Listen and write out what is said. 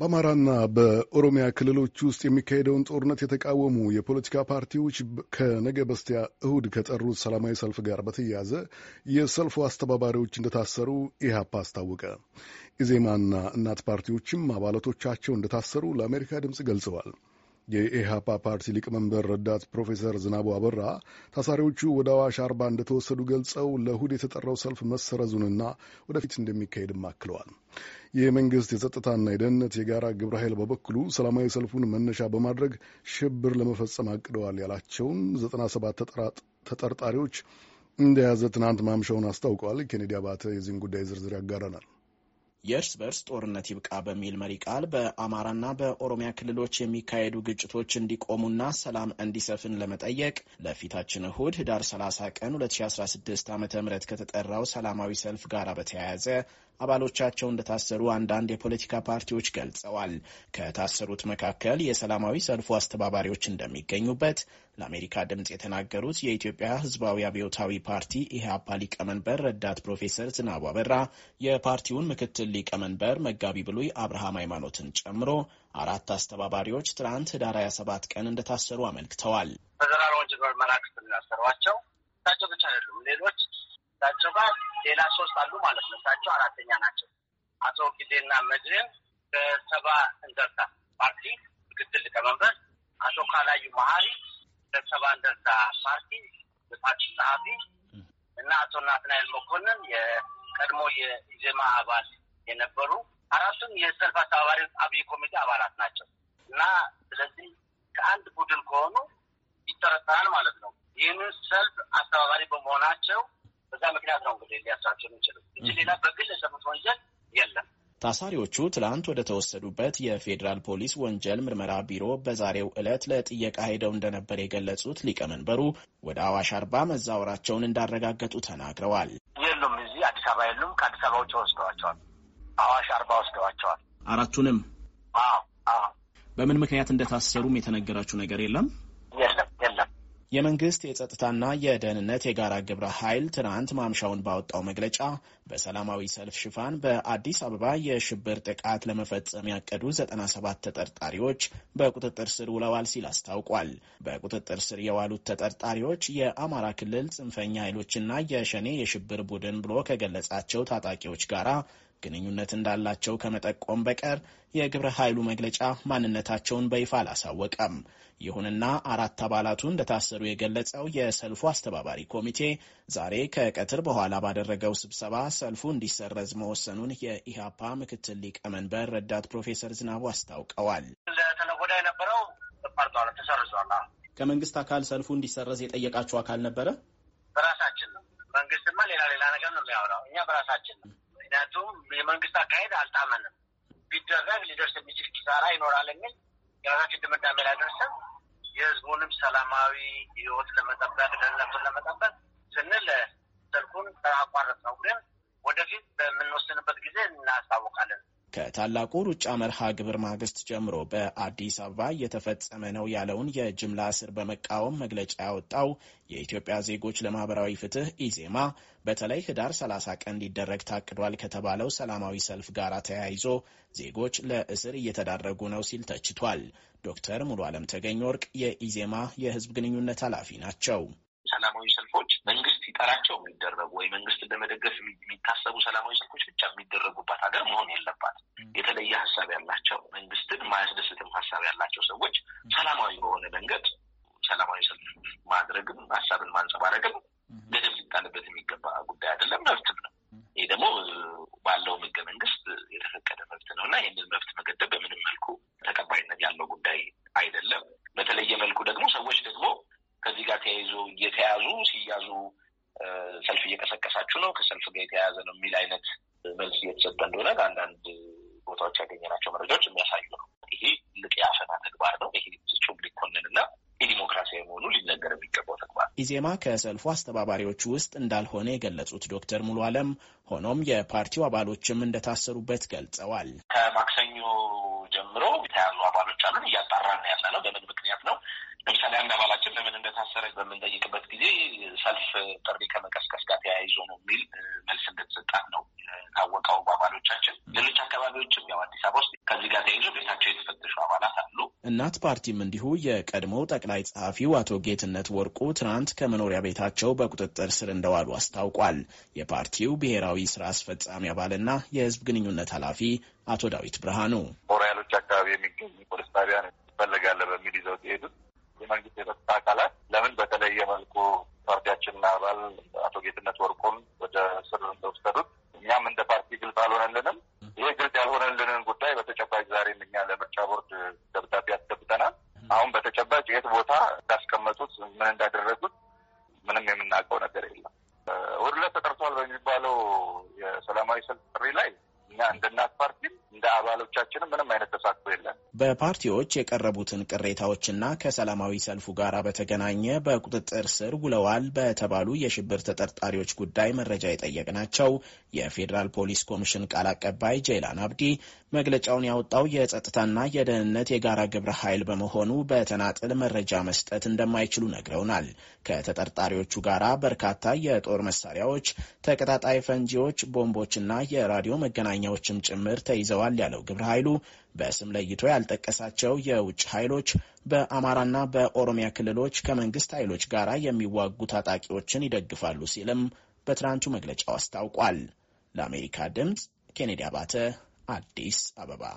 በአማራና በኦሮሚያ ክልሎች ውስጥ የሚካሄደውን ጦርነት የተቃወሙ የፖለቲካ ፓርቲዎች ከነገ በስቲያ እሁድ ከጠሩት ሰላማዊ ሰልፍ ጋር በተያያዘ የሰልፉ አስተባባሪዎች እንደታሰሩ ኢህአፓ አስታወቀ። ኢዜማና እናት ፓርቲዎችም አባላቶቻቸው እንደታሰሩ ለአሜሪካ ድምፅ ገልጸዋል። የኢህአፓ ፓርቲ ሊቀመንበር ረዳት ፕሮፌሰር ዝናቡ አበራ ታሳሪዎቹ ወደ አዋሽ አርባ እንደተወሰዱ ገልጸው ለእሁድ የተጠራው ሰልፍ መሰረዙንና ወደፊት እንደሚካሄድም አክለዋል። የመንግስት የጸጥታና የደህንነት የጋራ ግብረ ኃይል በበኩሉ ሰላማዊ ሰልፉን መነሻ በማድረግ ሽብር ለመፈጸም አቅደዋል ያላቸውን 97 ተጠርጣሪዎች እንደያዘ ትናንት ማምሻውን አስታውቀዋል። ኬኔዲ አባተ የዚህን ጉዳይ ዝርዝር ያጋራናል። የእርስ በርስ ጦርነት ይብቃ በሚል መሪ ቃል በአማራና በኦሮሚያ ክልሎች የሚካሄዱ ግጭቶች እንዲቆሙና ሰላም እንዲሰፍን ለመጠየቅ ለፊታችን እሁድ ህዳር 30 ቀን 2016 ዓ ም ከተጠራው ሰላማዊ ሰልፍ ጋር በተያያዘ አባሎቻቸው እንደታሰሩ አንዳንድ የፖለቲካ ፓርቲዎች ገልጸዋል። ከታሰሩት መካከል የሰላማዊ ሰልፉ አስተባባሪዎች እንደሚገኙበት ለአሜሪካ ድምፅ የተናገሩት የኢትዮጵያ ሕዝባዊ አብዮታዊ ፓርቲ ኢህአፓ ሊቀመንበር ረዳት ፕሮፌሰር ዝናቡ አበራ የፓርቲውን ምክትል ሊቀመንበር መጋቢ ብሉይ አብርሃም ሃይማኖትን ጨምሮ አራት አስተባባሪዎች ትናንት ህዳር 27 ቀን እንደታሰሩ አመልክተዋል። በዘራራ ወንጀል ምርመራ ክፍል ብቻ አይደሉም ሌሎች ታቸው ጋር ሌላ ሶስት አሉ ማለት ነው። እሳቸው አራተኛ ናቸው። አቶ ጊዜና መድህን ከሰባ እንደርታ ፓርቲ ምክትል ሊቀመንበር፣ አቶ ካላዩ መሀሪ ከሰባ እንደርታ ፓርቲ የፓርቲ ጸሐፊ እና አቶ ናትናኤል መኮንን የቀድሞ የኢዜማ አባል የነበሩ አራቱም የሰልፍ አስተባባሪ አብይ ኮሚቴ አባላት ናቸው እና ስለዚህ ከአንድ ቡድን ከሆኑ ይጠረጠራል ማለት ነው። ይህንን ሰልፍ አስተባባሪ በመሆናቸው በዛ ምክንያት ነው እንግዲህ ሊያስራቸው የሚችሉ እንጂ ሌላ በግል የሰሩት ወንጀል የለም። ታሳሪዎቹ ትላንት ወደ ተወሰዱበት የፌዴራል ፖሊስ ወንጀል ምርመራ ቢሮ በዛሬው ዕለት ለጥየቃ ሄደው እንደነበር የገለጹት ሊቀመንበሩ ወደ አዋሽ አርባ መዛወራቸውን እንዳረጋገጡ ተናግረዋል። የሉም፣ እዚህ አዲስ አበባ የሉም። ከአዲስ አበባ ውጭ ወስደዋቸዋል። አዋሽ አርባ ወስደዋቸዋል። አራቱንም። አዎ፣ አዎ። በምን ምክንያት እንደታሰሩም የተነገራችሁ ነገር የለም? የመንግስት የጸጥታና የደህንነት የጋራ ግብረ ኃይል ትናንት ማምሻውን ባወጣው መግለጫ በሰላማዊ ሰልፍ ሽፋን በአዲስ አበባ የሽብር ጥቃት ለመፈጸም ያቀዱ 97 ተጠርጣሪዎች በቁጥጥር ስር ውለዋል ሲል አስታውቋል። በቁጥጥር ስር የዋሉት ተጠርጣሪዎች የአማራ ክልል ጽንፈኛ ኃይሎችና የሸኔ የሽብር ቡድን ብሎ ከገለጻቸው ታጣቂዎች ጋራ ግንኙነት እንዳላቸው ከመጠቆም በቀር የግብረ ኃይሉ መግለጫ ማንነታቸውን በይፋ አላሳወቀም። ይሁንና አራት አባላቱ እንደታሰሩ የገለጸው የሰልፉ አስተባባሪ ኮሚቴ ዛሬ ከቀትር በኋላ ባደረገው ስብሰባ ሰልፉ እንዲሰረዝ መወሰኑን የኢህአፓ ምክትል ሊቀመንበር ረዳት ፕሮፌሰር ዝናቡ አስታውቀዋል። ለተነጎዳ የነበረው ተሰርዟል። ከመንግስት አካል ሰልፉ እንዲሰረዝ የጠየቃቸው አካል ነበረ? ሊደርስ የሚችል ኪሳራ ይኖራል የሚል የራሳችን ድምዳሜ ላይ ደርሰን የህዝቡንም ሰላማዊ ህይወት ለመጠበቅ ደህንነቱን ለመጠበቅ ስንል ሰልፉን አቋረጥ ነው። ግን ወደፊት በምንወስንበት ጊዜ እናስታውቃለን። ከታላቁ ሩጫ መርሃ ግብር ማግስት ጀምሮ በአዲስ አበባ እየተፈጸመ ነው ያለውን የጅምላ እስር በመቃወም መግለጫ ያወጣው የኢትዮጵያ ዜጎች ለማህበራዊ ፍትህ ኢዜማ በተለይ ህዳር 30 ቀን ሊደረግ ታቅዷል ከተባለው ሰላማዊ ሰልፍ ጋር ተያይዞ ዜጎች ለእስር እየተዳረጉ ነው ሲል ተችቷል። ዶክተር ሙሉ አለም ተገኝ ወርቅ የኢዜማ የህዝብ ግንኙነት ኃላፊ ናቸው። ሰላማዊ ሰልፎች መንግስት ሲጠራቸው የሚደረጉ ወይ መንግስትን ለመደገፍ የሚታሰቡ ሰላማዊ ሰልፎች ብቻ የሚደረጉባት ሀገር መሆን የለባት። የተለየ ሀሳብ ያላቸው መንግስትን ማያስደስትም ሀሳብ ያላቸው ሰዎች ሰላማዊ በሆነ መንገድ ሰላማዊ ሰልፍ ማድረግም ሀሳብን ማንጸባረቅም የተያያዘ ነው የሚል አይነት መልስ እየተሰጠ እንደሆነ ከአንዳንድ ቦታዎች ያገኘናቸው መረጃዎች የሚያሳዩ ነው። ይሄ ትልቅ የአፈና ተግባር ነው። ይሄ ፍጹም ሊኮንንና የዲሞክራሲያዊ መሆኑ ሊነገር የሚገባው ተግባር ኢዜማ ከሰልፉ አስተባባሪዎች ውስጥ እንዳልሆነ የገለጹት ዶክተር ሙሉ አለም ሆኖም የፓርቲው አባሎችም እንደታሰሩበት ገልጸዋል። ከማክሰኞ ጀምሮ የተያዙ አባሎች አሉን፣ እያጣራን ያለ ነው። በምን ምክንያት ነው ለምሳሌ አንድ አባላችን ለምን እንደታሰረ በምንጠይቅበት ጊዜ ሰልፍ ጥሪ ከመቀስቀስ ጋር ተያይዞ ነው የሚል መልስ እንደተሰጣን ነው ታወቀው። በአባሎቻችን ሌሎች አካባቢዎችም ያው አዲስ አበባ ውስጥ ከዚህ ጋር ተያይዞ ቤታቸው የተፈተሹ አባላት አሉ። እናት ፓርቲም እንዲሁ የቀድሞ ጠቅላይ ጸሐፊው አቶ ጌትነት ወርቁ ትናንት ከመኖሪያ ቤታቸው በቁጥጥር ስር እንደዋሉ አስታውቋል። የፓርቲው ብሔራዊ ስራ አስፈጻሚ አባልና የህዝብ ግንኙነት ኃላፊ አቶ ዳዊት ብርሃኑ ሞራያሎች አካባቢ የሚገኙ ፖሊስ ጣቢያ ይፈለጋለ በሚል ይዘው ሲሄዱት የመንግስት የጸጥታ አካላት ለምን በተለየ መልኩ ፓርቲያችን አባል አቶ ጌትነት ወርቁን ወደ ስር እንደወሰዱት እኛም እንደ ፓርቲ ግልጽ አልሆነልንም። ይሄ ግልጽ ያልሆነልንን ጉዳይ በተጨባጭ ዛሬም እኛ ለምርጫ ቦርድ ደብዳቤ አስገብተናል። አሁን በተጨባጭ የት ቦታ እንዳስቀመጡት፣ ምን እንዳደረጉት ምንም የምናውቀው ነገር የለም። እሑድ ተጠርቷል በሚባለው የሰላማዊ ሰልፍ ጥሪ ላይ እኛ እንደ እናት ፓርቲም እንደ አባሎቻችንም ምንም አይነት ተሳትፎ የለን። በፓርቲዎች የቀረቡትን ቅሬታዎችና ከሰላማዊ ሰልፉ ጋር በተገናኘ በቁጥጥር ስር ውለዋል በተባሉ የሽብር ተጠርጣሪዎች ጉዳይ መረጃ የጠየቅናቸው የፌዴራል ፖሊስ ኮሚሽን ቃል አቀባይ ጀይላን አብዲ መግለጫውን ያወጣው የጸጥታና የደህንነት የጋራ ግብረ ኃይል በመሆኑ በተናጥል መረጃ መስጠት እንደማይችሉ ነግረውናል። ከተጠርጣሪዎቹ ጋራ በርካታ የጦር መሳሪያዎች፣ ተቀጣጣይ ፈንጂዎች፣ ቦምቦችና የራዲዮ መገናኛዎችም ጭምር ተይዘዋል ተደርጓል ያለው ግብረ ኃይሉ በስም ለይቶ ያልጠቀሳቸው የውጭ ኃይሎች በአማራና በኦሮሚያ ክልሎች ከመንግስት ኃይሎች ጋር የሚዋጉ ታጣቂዎችን ይደግፋሉ ሲልም በትናንቱ መግለጫው አስታውቋል። ለአሜሪካ ድምፅ ኬኔዲ አባተ አዲስ አበባ